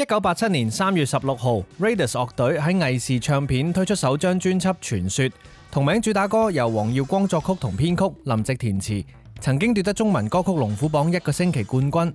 一九八七年三月十六號，Raidas 樂隊喺藝視唱片推出首張專輯《傳說》，同名主打歌由黃耀光作曲同編曲，林夕填詞，曾經奪得中文歌曲龍虎榜一個星期冠軍。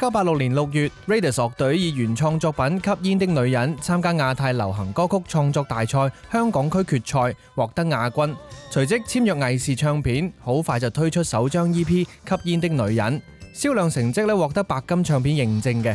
一九八六年六月，Raidas 樂隊以原創作品《吸煙的女人》參加亞太流行歌曲創作大賽香港區決賽，獲得亞軍。隨即簽約藝視唱片，好快就推出首張 EP《吸煙的女人》，銷量成績咧獲得白金唱片認證嘅。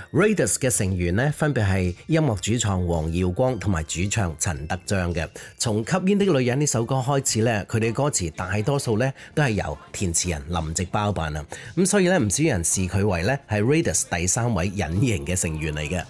Raidas 嘅成員分別是音樂主創黃耀光同埋主唱陳德彰嘅。從《吸煙的女人》呢首歌開始咧，佢哋歌詞大多數都是由填詞人林夕包辦。所以咧，唔少人視佢為咧係 Raidas 第三位隱形嘅成員嚟嘅。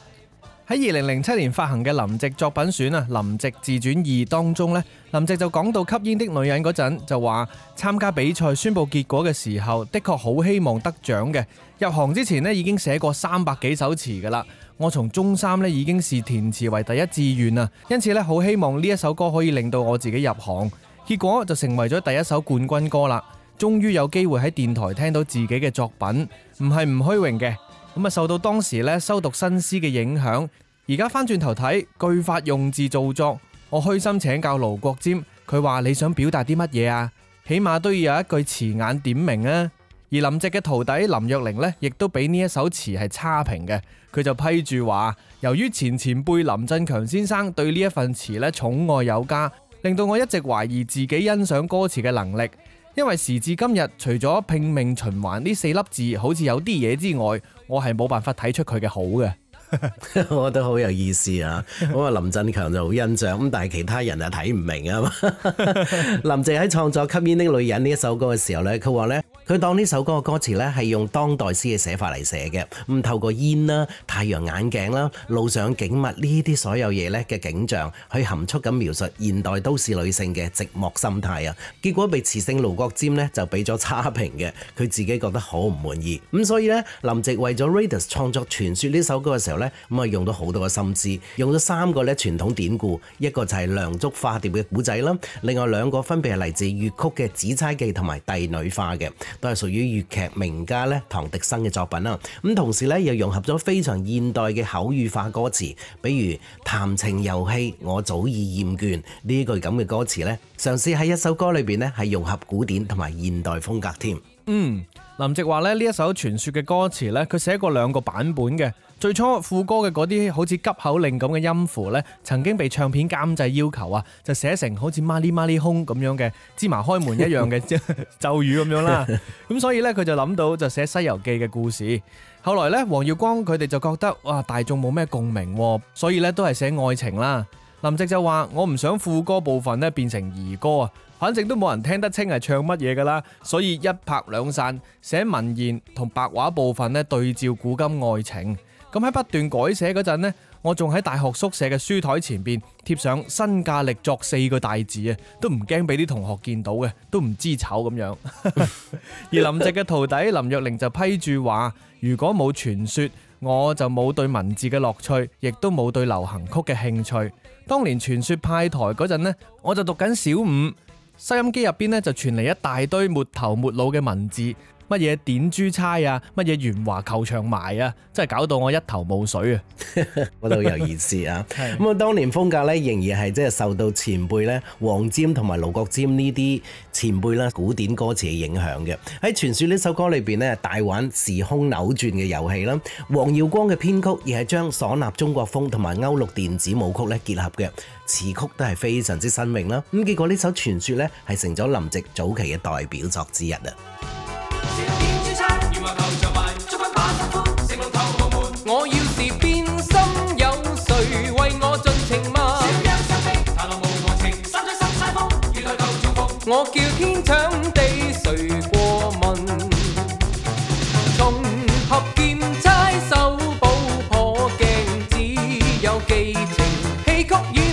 喺二零零七年發行嘅林夕作品選啊，《林夕自傳二》當中呢，林夕就講到吸煙的女人嗰陣就話，參加比賽宣布結果嘅時候，的確好希望得獎嘅。入行之前呢，已經寫過三百幾首詞噶啦。我從中三呢，已經視填詞為第一志願啊，因此呢，好希望呢一首歌可以令到我自己入行。結果就成為咗第一首冠軍歌啦，終於有機會喺電台聽到自己嘅作品，唔係唔虛榮嘅。咁啊，受到當時呢，修讀新詩嘅影響。而家翻轉頭睇句法用字造作，我虛心請教盧國沾，佢話，你想表達啲乜嘢啊？起碼都要有一句詞眼點明啊！而林夕嘅徒弟林若寧呢，亦都俾呢一首詞係差評嘅，佢就批住話：由於前前輩林振強先生對呢一份詞呢寵愛有加，令到我一直懷疑自己欣賞歌詞嘅能力，因為時至今日，除咗拼命循環呢四粒字，好似有啲嘢之外，我係冇辦法睇出佢嘅好嘅。 我覺得好有意思啊！咁啊，林振強就好印象咁，但係其他人啊睇唔明啊嘛。 林夕喺創作《吸煙的女人》呢一首歌嘅時候咧，佢話咧。佢當呢首歌嘅歌詞呢，係用當代詩嘅寫法嚟寫嘅，咁透過煙啦、太陽眼鏡啦、路上景物呢啲所有嘢呢嘅景象去含蓄咁描述現代都市女性嘅寂寞心態啊，結果被詞聖盧國沾呢，就俾咗差評嘅，佢自己覺得好唔滿意，咁所以呢，林夕為咗 Raidas 創作傳説呢首歌嘅時候呢，咁啊用咗好多嘅心思，用咗三個咧傳統典故，一個就係梁祝化蝶嘅古仔啦，另外兩個分別係嚟自粵曲嘅《紫釵記》同埋《帝女花》嘅。都係屬於粵劇名家咧唐滌生嘅作品啦，咁同時咧又融合咗非常現代嘅口語化歌詞，比如《談情遊戲》我早已厭倦呢句咁嘅歌詞咧，嘗試喺一首歌裏邊咧係融合古典同埋現代風格添。嗯，林夕話咧呢一首傳説嘅歌詞咧，佢寫過兩個版本嘅。最初副歌嘅嗰啲好似急口令咁嘅音符呢，曾經被唱片監製要求啊，就寫成好似媽咪媽咪空咁樣嘅芝麻開門一樣嘅咒語咁樣啦。咁所以呢，佢就諗到就寫《西遊記》嘅故事。後來呢，黃耀光佢哋就覺得哇，大眾冇咩共鳴，所以呢，都係寫愛情啦。林夕就話：我唔想副歌部分咧變成兒歌啊，反正都冇人聽得清係唱乜嘢㗎啦。所以一拍兩散，寫文言同白話部分呢，對照古今愛情。咁喺不斷改寫嗰陣呢，我仲喺大學宿舍嘅書台前面貼上身價力作四個大字啊，都唔驚俾啲同學見到嘅，都唔知醜咁樣。 而林夕嘅徒弟林若寧就批註話：如果冇傳説，我就冇對文字嘅樂趣，亦都冇對流行曲嘅興趣。當年傳説派台嗰陣呢，我就讀緊小五，收音機入邊呢就傳嚟一大堆沒頭沒腦嘅文字。乜嘢點珠釵啊？乜嘢圓滑扣唱埋啊？真係搞到我一頭霧水啊！我都好 有意思啊！咁 啊，當年風格咧仍然係即係受到前輩咧黃霑同埋盧國沾呢啲前輩啦，古典歌詞嘅影響嘅。喺傳說呢首歌裏邊咧，大玩時空扭轉嘅遊戲啦。黃耀光嘅編曲而係將嗩吶中國風同埋歐陸電子舞曲咧結合嘅。詞曲都係非常之新穎啦，咁結果呢首傳說呢，係成咗林夕早期嘅代表作之一啊！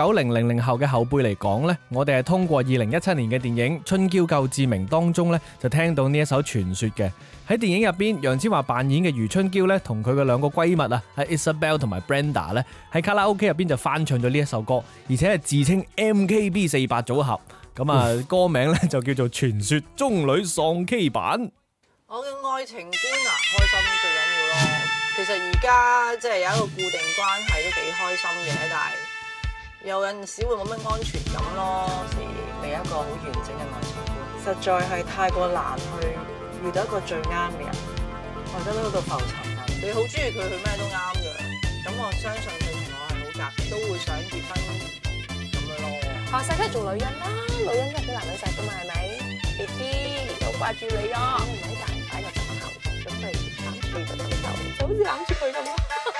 九零零零後嘅後輩嚟講呢，我哋係通過二零一七年嘅電影《春嬌救志明》當中呢，就聽到呢一首傳說嘅。喺電影入邊，楊千嬅扮演嘅余春嬌呢，同佢嘅兩個閨蜜啊，喺 Isabel 同埋 Brenda 呢，喺卡拉 O K 入邊就翻唱咗呢一首歌，而且係自稱 MKB 四八組合咁啊。 歌名呢就叫做《傳說中女喪 K 版》。我嘅愛情觀啊，開心最緊要咯。其實而家即係有一個固定關係都幾開心嘅，但係。有陣時會冇乜安全感咯，未一個好完整嘅愛情觀，實在係太過難去遇到一個最啱嘅人，或者喺嗰度浮沉緊。你好中意佢，佢咩都啱嘅，咁我相信佢同我係好夾，都會想結婚咁樣咯。學曬出做，做女人啦，女人家幾男人錫㗎嘛，係咪？B B，好掛住你咁，唔喺隔籬擺就十分幸福，咁都要諗住佢咁走，好似攬住佢咁。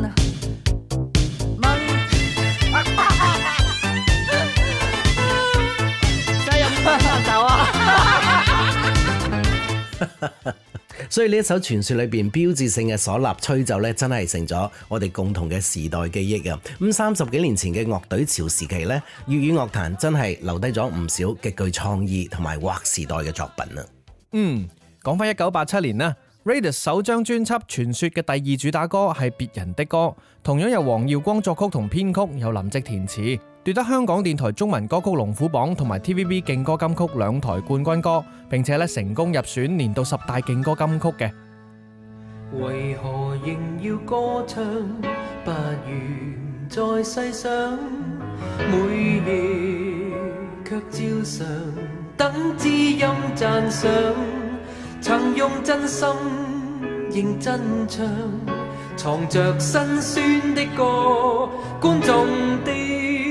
所以呢一首傳說裏邊標誌性嘅嗩吶吹奏咧，真係成咗我哋共同嘅時代記憶啊！咁三十幾年前嘅樂隊潮時期呢，粵語樂壇真係留低咗唔少極具創意同埋劃時代嘅作品啊！嗯，講翻一九八七年啦，Raidas 首張專輯《傳說》嘅第二主打歌係別人的歌，同樣由黃耀光作曲同編曲有，由林夕填詞。奪得香港電台中文歌曲龍虎榜同埋 TVB 勁歌金曲兩台冠軍歌，並且咧成功入選年度十大勁歌金曲嘅。為何仍要歌唱？不如再細想。每夜卻照常等知音讚賞。曾用真心認真唱，藏着辛酸的歌，觀眾的。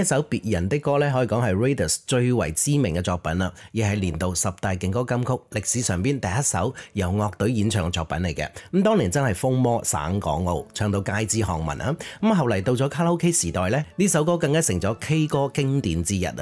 一首別人的歌咧，可以講係 Raidas 最為知名嘅作品啦，亦係年度十大勁歌金曲歷史上邊第一首由樂隊演唱嘅作品嚟嘅。咁當年真係風魔省港澳，唱到街知巷聞啊！咁後嚟到咗卡拉 OK 時代咧，呢首歌更加成咗 K 歌經典之一啊！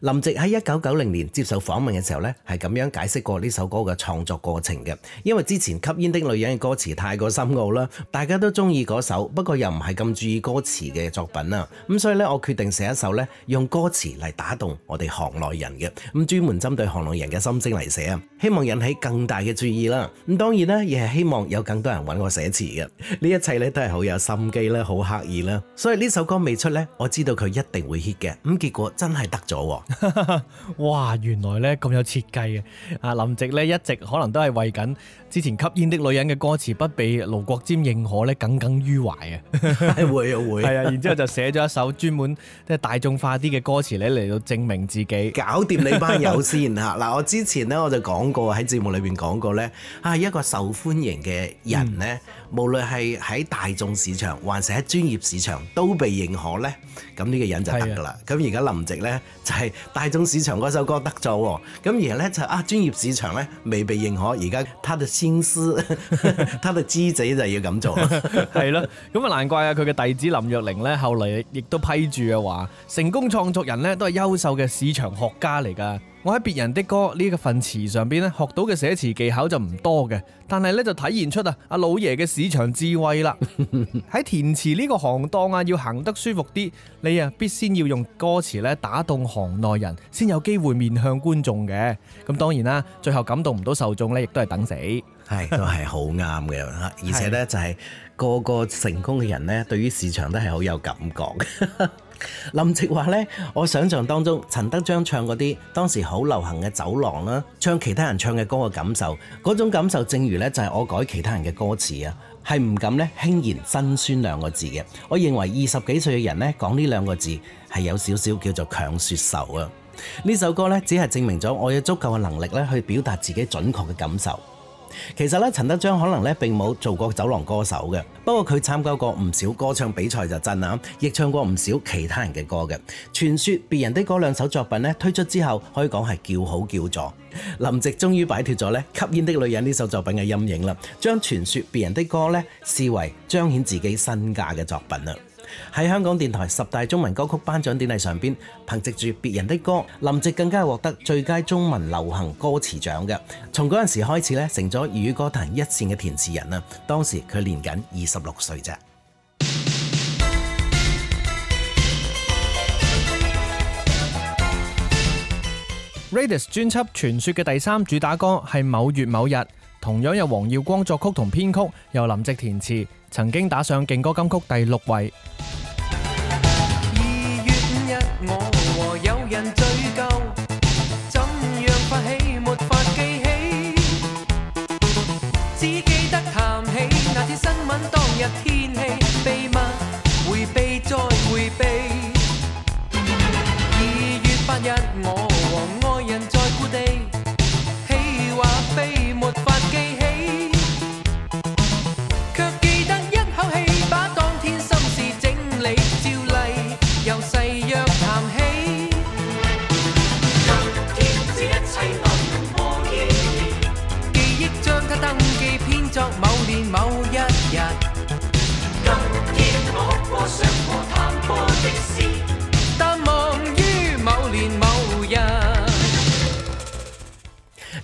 林夕喺一九九零年接受訪問嘅時候呢，係咁樣解釋過呢首歌嘅創作過程嘅。因為之前《吸煙的女人》嘅歌詞太過深奧啦，大家都中意嗰首，不過又唔係咁注意歌詞嘅作品啦。咁所以呢，我決定寫一首呢，用歌詞嚟打動我哋行內人嘅，咁專門針對行內人嘅心聲嚟寫啊，希望引起更大嘅注意啦。咁當然啦，亦係希望有更多人揾我寫詞嘅。呢一切呢，都係好有心機啦，好刻意啦。所以呢首歌未出呢，我知道佢一定會 hit 嘅。咁結果真係得咗。哈哈哈哇，原來咧咁有設計嘅，啊林夕咧一直可能都係為緊。之前吸煙的女人嘅歌詞不被盧國沾認可咧，耿耿於懷啊 會！會啊會，係啊！然之後就寫咗一首專門即係大眾化啲嘅歌詞咧，嚟到證明自己。搞掂你班友先啊！嗱，我之前咧我就講過喺節目裏邊講過咧，啊一個受歡迎嘅人咧，嗯、無論係喺大眾市場還是喺專業市場都被認可咧，咁、這、呢個人就得㗎啦。咁而家林夕咧就係、是、大眾市場嗰首歌得咗喎，咁、啊、而咧就啊專業市場咧未被認可，而家他的師， 他的弟仔就要咁做， 係啦，咁啊難怪啊佢嘅弟子林若寧咧，後嚟亦都批住嘅話，成功創作人咧都係優秀嘅市場學家嚟噶。我喺別人的歌呢個份詞上邊咧學到嘅寫詞技巧就唔多嘅，但係呢就體現出啊阿老爺嘅市場智慧啦。喺填詞呢個行當啊要行得舒服啲，你啊必先要用歌詞咧打動行內人，先有機會面向觀眾嘅。咁當然啦，最後感動唔到受眾呢，亦都係等死。係 都係好啱嘅，而且呢，就係個個成功嘅人呢，對於市場都係好有感覺。 林夕話呢，我想象當中，陳德彰唱嗰啲當時好流行嘅酒廊啦，唱其他人唱嘅歌嘅感受，嗰種感受正如呢，就係我改其他人嘅歌詞啊，係唔敢咧輕言辛酸兩個字嘅。我認為二十幾歲嘅人呢，講呢兩個字係有少少叫做強說愁啊。呢首歌呢，只係證明咗我有足夠嘅能力呢，去表達自己準確嘅感受。其實咧，陳德章可能咧並冇做過走廊歌手嘅，不過佢參加過唔少歌唱比賽就真啦，亦唱過唔少其他人嘅歌嘅。傳說別人的歌兩首作品咧推出之後，可以講係叫好叫座。林夕終於擺脫咗咧《吸煙的女人》呢首作品嘅陰影啦，將傳說別人的歌咧視為彰顯自己身價嘅作品啦。喺香港電台十大中文歌曲頒獎典禮上邊，憑藉住別人的歌，林夕更加係獲得最佳中文流行歌詞獎嘅。從嗰陣時開始咧，成咗粵語歌壇一線嘅填詞人啦。當時佢年僅二十六歲啫。《Raidas》專輯傳說嘅第三主打歌係《某月某日》，同樣由黃耀光作曲同編曲，由林夕填詞。曾經打上勁歌金曲第六位。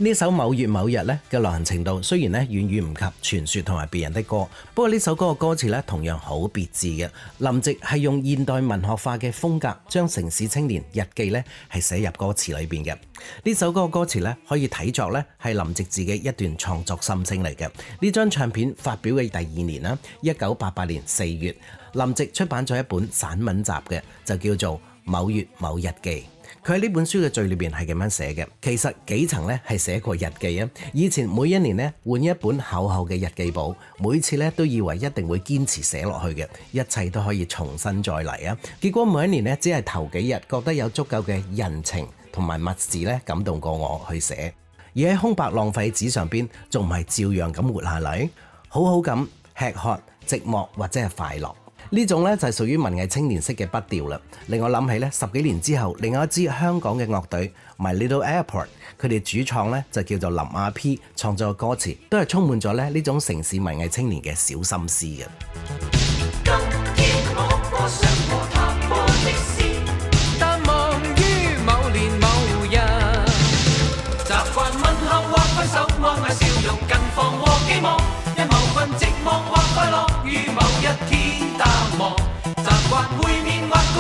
呢首某月某日咧嘅流行程度，雖然咧遠遠唔及傳説同埋別人的歌，不過呢首歌嘅歌詞咧同樣好別致嘅。林夕係用現代文學化嘅風格，將城市青年日記咧係寫入歌詞裏面嘅。呢首歌嘅歌詞咧可以睇作咧係林夕自己一段創作心聲嚟嘅。呢張唱片發表嘅第二年啦，一九八八年四月，林夕出版咗一本散文集嘅，就叫做《某月某日記》。佢喺呢本書嘅序裏邊係咁樣寫嘅，其實幾層咧係寫過日記啊！以前每一年咧換一本厚厚嘅日記簿，每次咧都以為一定會堅持寫落去嘅，一切都可以重新再嚟啊！結果每一年咧只係頭幾日覺得有足夠嘅人情同埋物事咧感動過我去寫，而喺空白浪費紙上邊，仲唔係照樣咁活下嚟，好好咁吃喝寂寞或者係快樂。呢種咧就係屬於文藝青年式嘅筆調啦，令我諗起咧十幾年之後，另外一支香港嘅樂隊，My Little Airport，佢哋主創咧就叫做林阿 P 創作嘅歌詞，都係充滿咗咧呢種城市文藝青年嘅小心思嘅。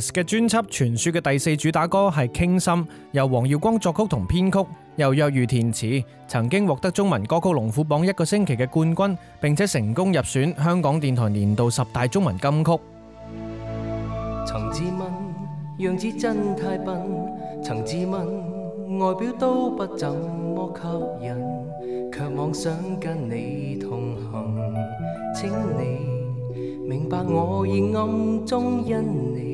嘅專輯《傳 說樂》嘅第四主打歌係《傾心》，由黃耀光作曲同編曲，又若愚填詞，曾經獲得中文歌曲龍虎榜一個星期嘅冠軍，並且成功入選香港電台年度十大中文金曲。曾自問樣子真太笨，曾自問外表都不怎麼吸引，卻妄想跟你同行。請你明白我已暗中因你。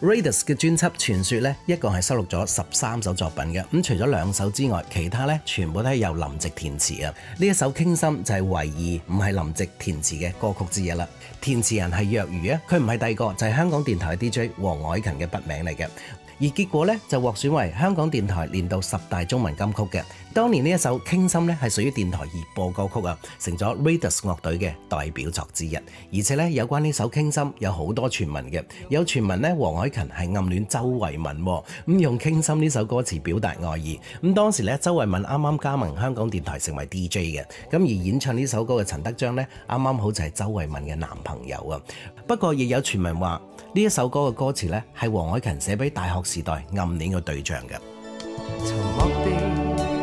Raidas 嘅專輯《傳說》咧，一共係收錄咗十三首作品嘅。咁除咗兩首之外，其他咧全部都係由林夕填詞啊。呢一首《傾心》就係唯二，唔係林夕填詞嘅歌曲之一啦。填詞人係若愚啊，佢唔係第二個，就係香港電台嘅 DJ 黃凱芹嘅筆名嚟嘅。而結果咧就獲選為香港電台年度十大中文金曲嘅。當年呢一首《傾心》咧係屬於電台熱播歌曲啊，成咗 Raidas 樂隊嘅代表作之一。而且呢，有關呢首《傾心》有好多傳聞嘅，有傳聞呢，黃凱芹係暗戀周慧敏，咁用《傾心》呢首歌詞表達愛意。咁當時呢，周慧敏啱啱加盟香港電台成為 DJ 嘅，咁而演唱呢首歌嘅陳德彰呢，啱啱好似係周慧敏嘅男朋友啊。不過亦有傳聞話呢一首歌嘅歌詞呢，係黃凱芹寫俾大學時代暗戀嘅對象嘅。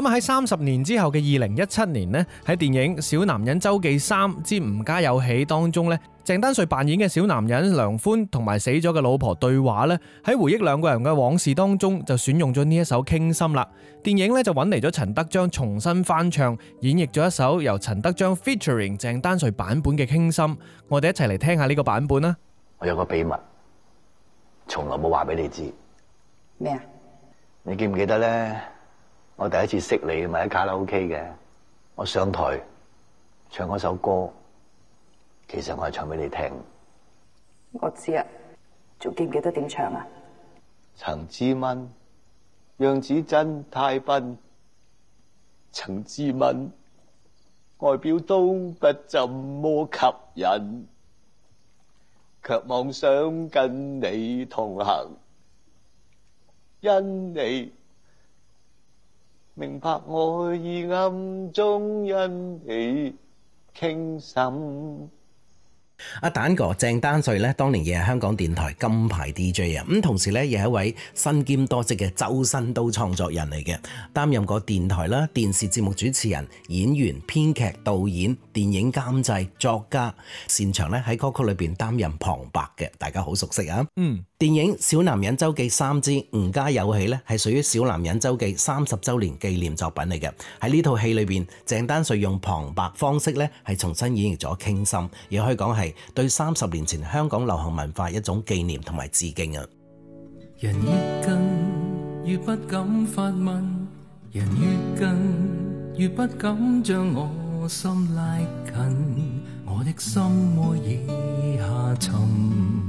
咁喺三十年之後嘅二零一七年呢，喺電影《小男人周記三之吳家有喜》當中咧，鄭丹瑞扮演嘅小男人梁寬同埋死咗嘅老婆對話呢，喺回憶兩個人嘅往事當中，就選用咗呢一首《傾心》啦。電影呢就揾嚟咗陳德章重新翻唱，演繹咗一首由陳德章 featuring 鄭丹瑞版本嘅《傾心》。我哋一齊嚟聽下呢個版本啦。我有個秘密，從來冇話俾你知。咩啊？你記唔記得呢？我第一次識你，咪喺卡拉 OK 嘅。我上台唱嗰首歌，其實我係唱俾你聽我。我知啊，仲記唔記得點唱啊？陳志文，樣子真太笨。陳志文，外表都不怎麼吸引，卻妄想跟你同行，因你。明白我意暗中因你傾心。阿蛋哥鄭丹瑞咧，當年亦係香港電台金牌 DJ 啊，咁同時咧亦係一位身兼多職嘅周身都創作人嚟嘅，擔任過電台啦、電視節目主持人、演員、編劇、導演、電影監製、作家，擅長咧喺歌曲裏邊擔任旁白嘅，大家好熟悉啊，嗯。電影《小男人周記三之吳家有喜》咧係屬於《小男人周記》三十周年紀念作品嚟嘅。喺呢套戲裏邊，鄭丹瑞用旁白方式咧係重新演繹咗《傾心》，亦可以講係對三十年前香港流行文化一種紀念同埋致敬嘅。人越近越不敢發問，人越近越不敢將我心拉近，我的心窩已下沉。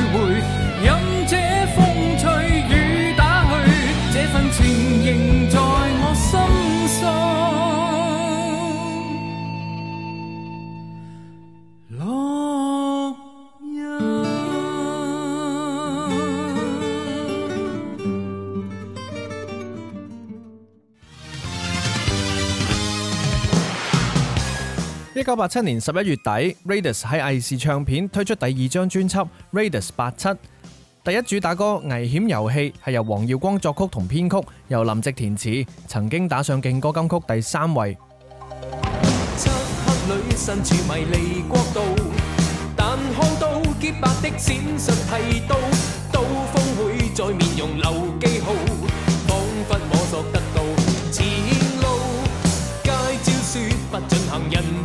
一九八七年十一月底，Raidas 喺藝視唱片推出第二張專輯《Raidas 八七》，第一主打歌《危險遊戲》係由黃耀光作曲同編曲，由林夕填詞，曾經打上勁歌金曲第三位。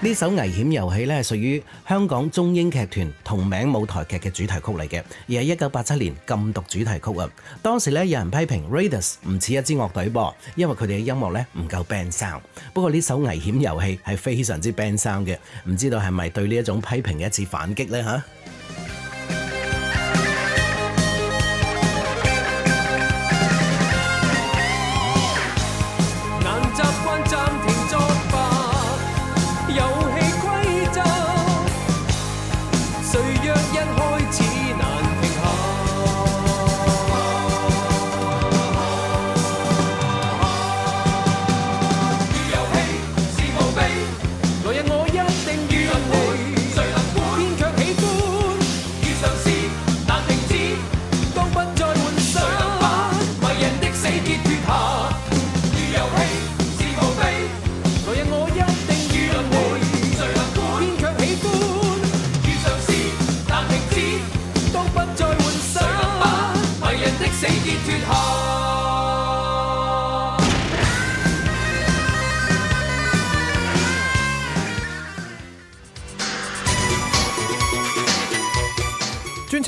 呢首《危險遊戲》咧，係屬於香港中英劇團同名舞台劇嘅主題曲嚟嘅，而係一九八七年禁毒主題曲啊！當時呢，有人批評 Raidas 唔似一支樂隊噃，因為佢哋嘅音樂呢，唔夠 band sound。不過呢首《危險遊戲》係非常之 band sound 嘅，唔知道係咪對呢一種批評嘅一次反擊呢？吓。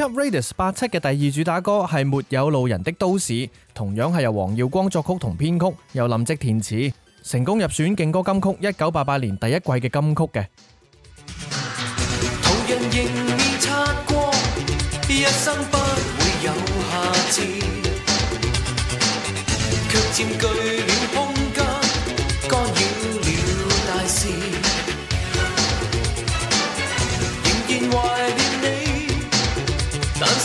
《Raidas》八七嘅第二主打歌係《沒有路人的都市》，同樣係由黃耀光作曲同編曲，又林夕填詞，成功入選勁歌金曲一九八八年第一季嘅金曲嘅。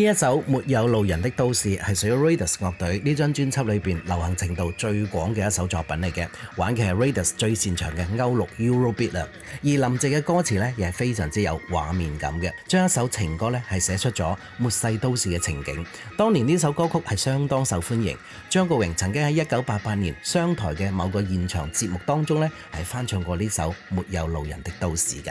呢一首《沒有路人的都市》係屬於 Raidas 樂隊呢張專輯裏邊流行程度最廣嘅一首作品嚟嘅，玩嘅係 Raidas 最擅長嘅歐陸 Eurobeat，而林夕嘅歌詞呢亦係非常之有畫面感嘅，將一首情歌呢係寫出咗末世都市嘅情景。當年呢首歌曲係相當受歡迎，張國榮曾經喺一九八八年商台嘅某個現場節目當中呢係翻唱過呢首《沒有路人的都市》嘅。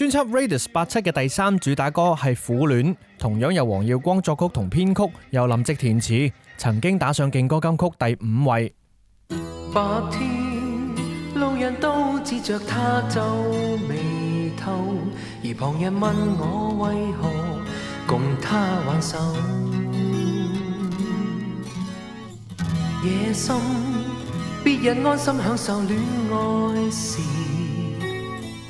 專輯《Raidas 八七》嘅第三主打歌係《苦戀》，同樣由黃耀光作曲同編曲，又林夕填詞，曾經打上勁歌金曲第五位。白天路人都指着他皺眉頭，而旁人問我為何共他挽手？夜深，別人安心享受戀愛時。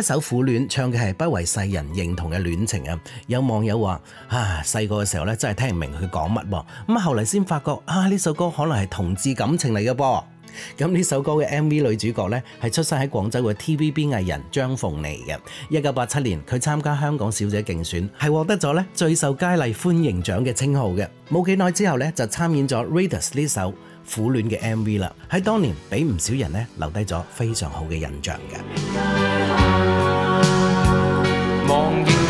一首苦戀唱嘅係不為世人認同嘅戀情啊！有網友話：啊，細個嘅時候咧，真係聽唔明佢講乜，咁啊後嚟先發覺啊呢首歌可能係同志感情嚟嘅噃。咁呢首歌嘅 M V 女主角咧係出生喺廣州嘅 T V B 藝人張鳳妮嘅。一九八七年佢參加香港小姐競選，係獲得咗咧最受佳麗歡迎獎嘅稱號嘅。冇幾耐之後咧就參演咗 Raidas 呢首。苦戀嘅 MV 啦，喺當年俾唔少人呢留低咗非常好嘅印象嘅。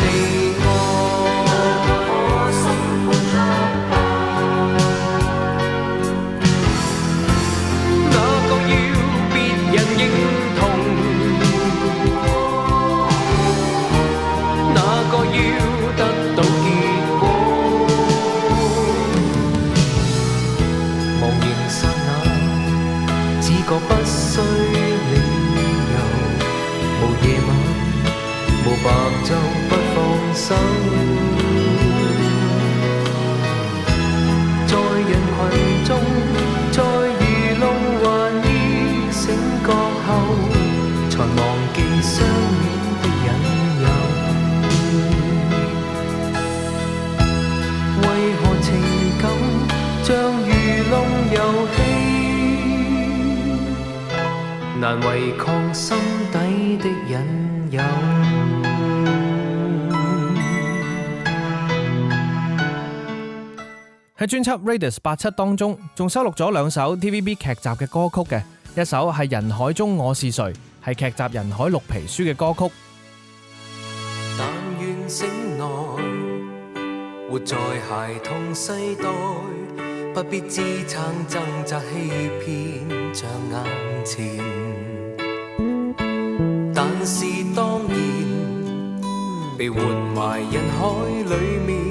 專輯《Raidas 八七》當中仲收錄咗兩首 TVB 劇集嘅歌曲嘅，一首係《人海中我是誰》，係劇集《人海綠皮書》嘅歌曲。但願醒來，活在孩童世代，不必支撐掙扎欺騙，像眼前。但是當然，被活埋人海裏面。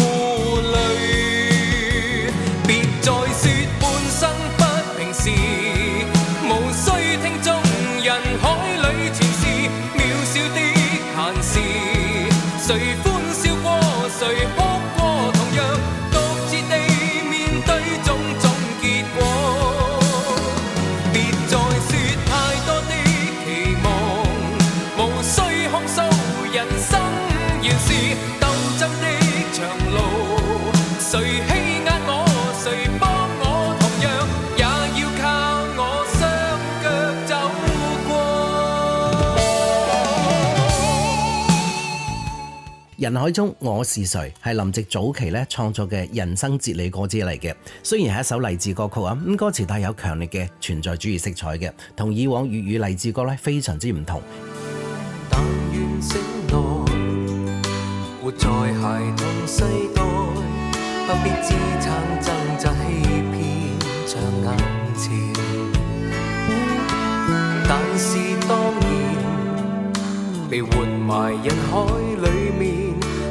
人海中我是誰，係林夕早期咧創作嘅人生哲理歌之嚟嘅。雖然係一首勵志歌曲啊，咁歌詞帶有強烈嘅存在主義色彩嘅，同以往粵語勵志歌咧非常之唔同。但願醒來，活在孩童世代，不必自撐掙扎欺騙像眼前。但是當然，被活埋人海裏面。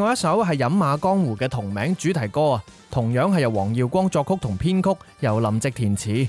另外一首是《飲馬江湖》嘅同名主題歌，同樣是由黃耀光作曲同編曲，由林夕填詞。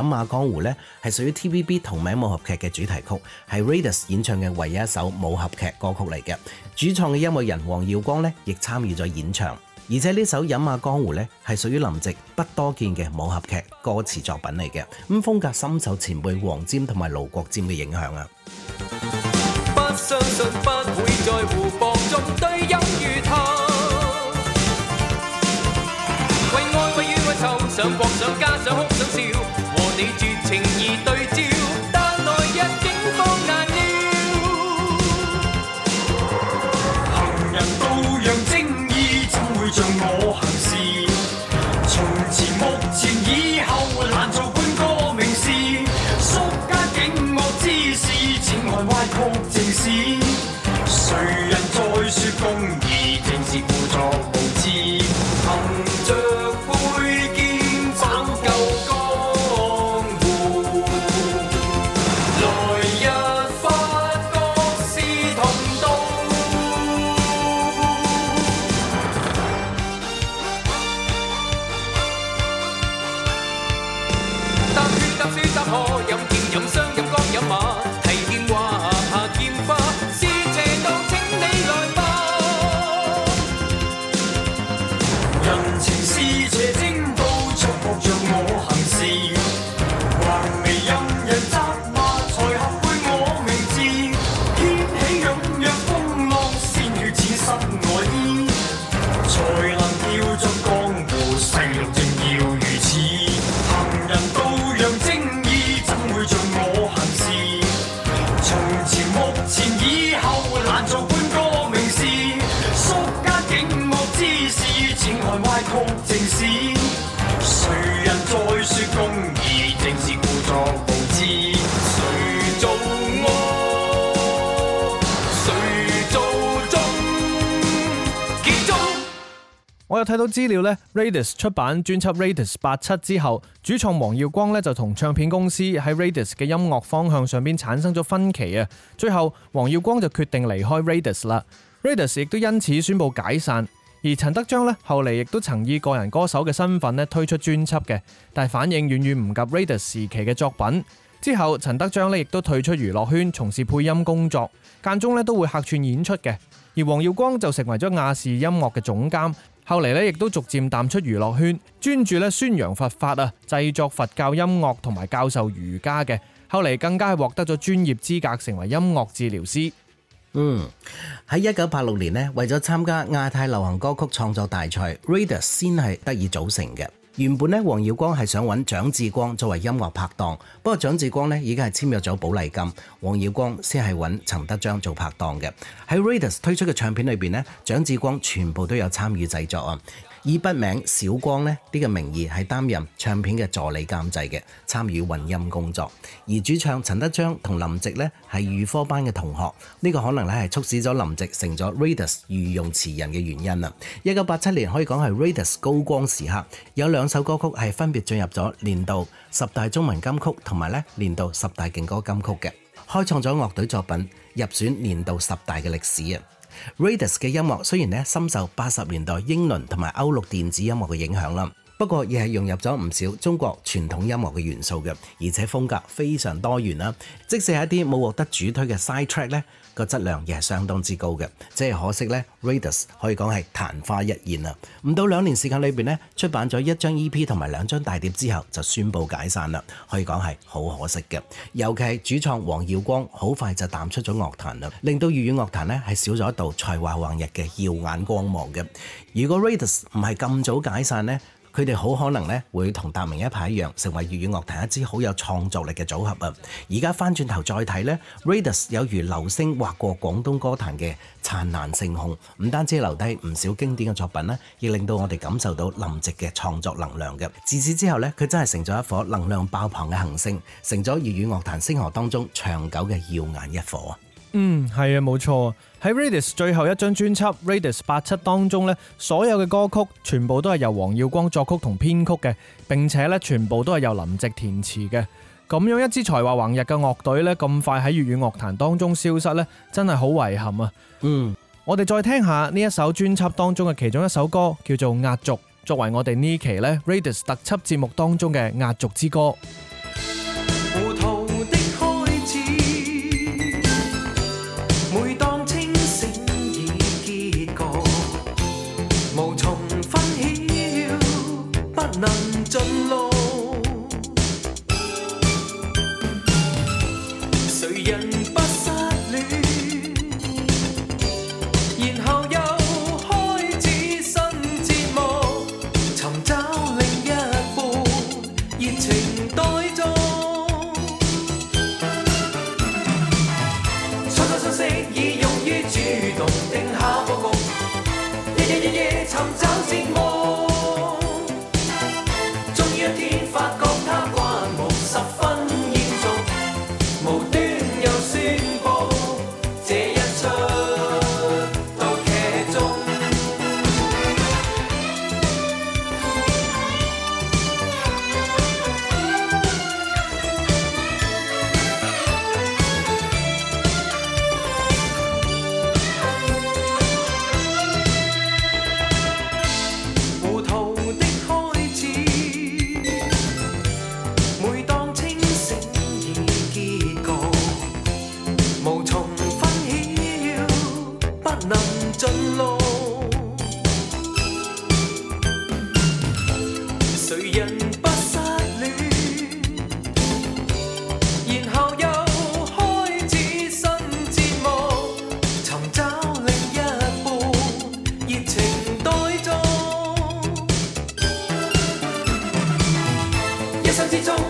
《飲馬江湖》咧係屬於 TVB 同名武俠劇嘅主題曲，係 Raidas 演唱嘅唯一一首武俠劇歌曲嚟嘅。主創嘅音樂人黃耀光咧亦參與咗演唱，而且呢首《飲馬江湖》咧係屬於林夕不多見嘅武俠劇歌詞作品嚟嘅，咁風格深受前輩黃沾同埋盧國沾嘅影響啊。不相又睇到資料呢，Raidas 出版專輯《Raidas 八七》之後，主創黃耀光呢就同唱片公司喺 Raidas 嘅音樂方向上邊產生咗分歧啊。最後，黃耀光就決定離開 Raidas 啦。Raidas 亦都因此宣布解散。而陳德彰呢後嚟亦都曾以個人歌手嘅身份推出專輯嘅，但反應遠遠唔及 Raidas 時期嘅作品。之後，陳德彰呢亦都退出娛樂圈，從事配音工作，間中咧都會客串演出嘅。而黃耀光就成為咗亞視音樂嘅總監。後嚟咧，亦都逐漸淡出娛樂圈，專注咧宣揚佛法啊，製作佛教音樂同埋教授瑜伽嘅。後嚟更加係獲得咗專業資格，成為音樂治療師。嗯，喺一九八六年咧，為咗參加亞太流行歌曲創作大賽，r a d e r Raidas 先係得以組成嘅。原本咧，黃耀光係想揾蔣志光作為音樂拍檔，不過蔣志光咧已經係簽約咗寶麗金，黃耀光先係揾陳德彰做拍檔嘅。喺 Raidas 推出嘅唱片裏面，咧，蔣志光全部都有參與製作啊。以筆名小光呢呢、呢個名義係擔任唱片嘅助理監製嘅，參與混音工作。而主唱陳德章同林夕呢係預科班嘅同學，呢、呢個可能咧係促使咗林夕成咗 Raidas 御用詞人嘅原因啊！一九八七年可以講係 Raidas 高光時刻，有兩首歌曲係分別進入咗年度十大中文金曲同埋咧年度十大勁歌金曲嘅，開創咗樂隊作品入選年度十大嘅歷史啊！Raidas 嘅音樂雖然咧深受八十年代英倫同埋歐陸電子音樂嘅影響啦，不過亦係融入咗唔少中國傳統音樂嘅元素嘅，而且風格非常多元啦。即使係一啲冇獲得主推嘅 side track 咧，個質量亦係相當之高嘅，即係可惜呢 Raidas 可以講係曇花一現啦。唔到兩年時間裏邊呢，出版咗一張 EP 同埋兩張大碟，之後，就宣佈解散啦。可以講係好可惜嘅，尤其係主創黃耀光好快就淡出咗樂壇啦，令到粵語樂壇呢係少咗一道才華橫溢嘅耀眼光芒嘅。如果 Raidas 唔係咁早解散呢，佢哋好可能咧，會同達明一派一樣，成為粵語樂,樂壇一支好有創作力嘅組合啊！而家翻轉頭再睇呢 Raidas 有如流星劃過廣東歌壇嘅燦爛星空，唔單止留低唔少經典嘅作品啦，亦令到我哋感受到林夕嘅創作能量嘅。自此之後呢，佢真係成咗一顆能量爆棚嘅恒星，成咗粵語樂,樂壇星河當中長久嘅耀眼一顆啊。嗯，係啊，冇錯。喺 Raidas 最後一張專輯《Raidas 八七》當中咧，所有嘅歌曲全部都係由黃耀光作曲同編曲嘅，並且咧全部都係由林夕填詞嘅。咁樣一支才華橫溢嘅樂隊咧，咁快喺粵語樂壇當中消失咧，真係好遺憾啊！嗯、mm.，我哋再聽下呢一首專輯當中嘅其中一首歌，叫做《壓軸》，作為我哋呢期咧 Raidas 特輯節目當中嘅壓軸之歌。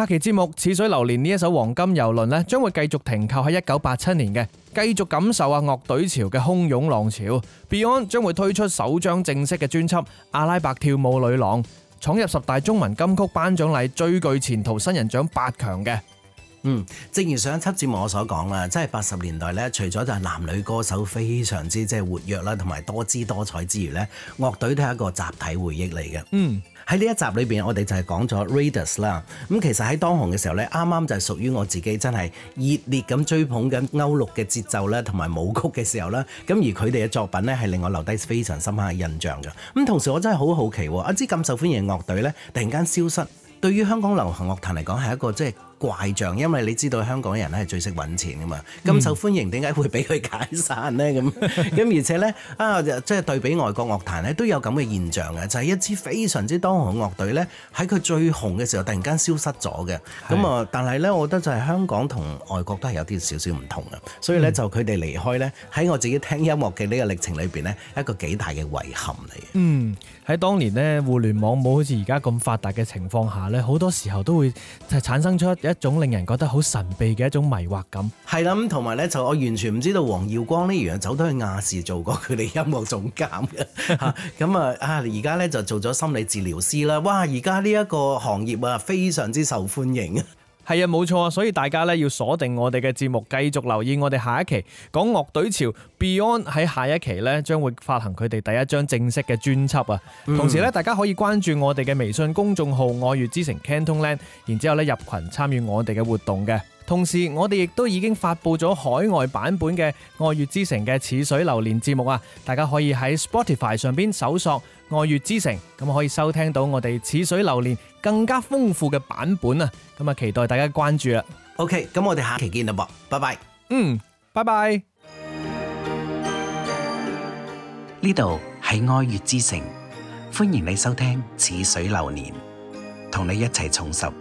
下期節目《似水流年》呢一首黃金遊輪呢，將會繼續停靠喺一九八七年嘅，繼續感受啊樂隊潮嘅洶湧浪潮。Beyond 將會推出首張正式嘅專輯《阿拉伯跳舞女郎》，闖入十大中文金曲頒獎禮最具前途新人獎八強嘅。嗯，正如上一輯節目我所講啦，即係八十年代咧，除咗就係男女歌手非常之即係活躍啦，同埋多姿多彩之餘咧，樂隊都係一個集體回憶嚟嘅。嗯。喺呢一集裏邊，我哋就係講咗 Raidas 啦。咁其實喺當紅嘅時候呢，啱啱就係屬於我自己真係熱烈咁追捧緊歐陸嘅節奏啦，同埋舞曲嘅時候啦。咁而佢哋嘅作品呢，係令我留低非常深刻嘅印象嘅。咁同時我真係好好奇，一支咁受歡迎樂隊呢，突然間消失，對於香港流行樂壇嚟講係一個即係。怪象，因為你知道香港人咧係最識揾錢噶嘛，咁受歡迎點解會俾佢解散呢？咁、嗯、咁 而且呢，啊，即、就、係、是、對比外國樂壇咧都有咁嘅現象嘅，就係、是、一支非常之當紅樂隊呢，喺佢最紅嘅時候突然間消失咗嘅。咁啊，但係呢，我覺得就係香港同外國都係有啲少少唔同啊。所以呢，就佢哋離開呢，喺我自己聽音樂嘅呢個歷程裏邊咧，一個幾大嘅遺憾嚟嘅。嗯，喺當年呢，互聯網冇好似而家咁發達嘅情況下呢，好多時候都會係產生出一種令人覺得好神秘嘅一種迷惑感，係啦，同埋呢，就我完全唔知道黃耀光呢樣走咗去亞視做過佢哋音樂總監嘅，吓 咁啊啊而家呢就做咗心理治療師啦，哇！而家呢一個行業啊非常之受歡迎。係啊，冇錯啊，所以大家咧要鎖定我哋嘅節目，繼續留意我哋下一期講樂隊潮 Beyond 喺下一期咧將會發行佢哋第一張正式嘅專輯啊、嗯。同時咧，大家可以關注我哋嘅微信公眾號愛粵之城 CantonLand，然之後咧入群參與我哋嘅活動嘅。同時，我哋亦都已經發布咗海外版本嘅《愛粵之城》嘅《似水流年》節目啊！大家可以喺 Spotify 上邊搜索《愛粵之城》，咁可以收聽到我哋《似水流年》更加豐富嘅版本啊！咁啊，期待大家關注啦。OK，咁我哋下期見啦，噃，拜拜。嗯，拜拜。呢度係《愛粵之城》，歡迎你收聽《似水流年》，同你一齊重拾粵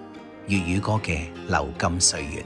語歌嘅流金歲月。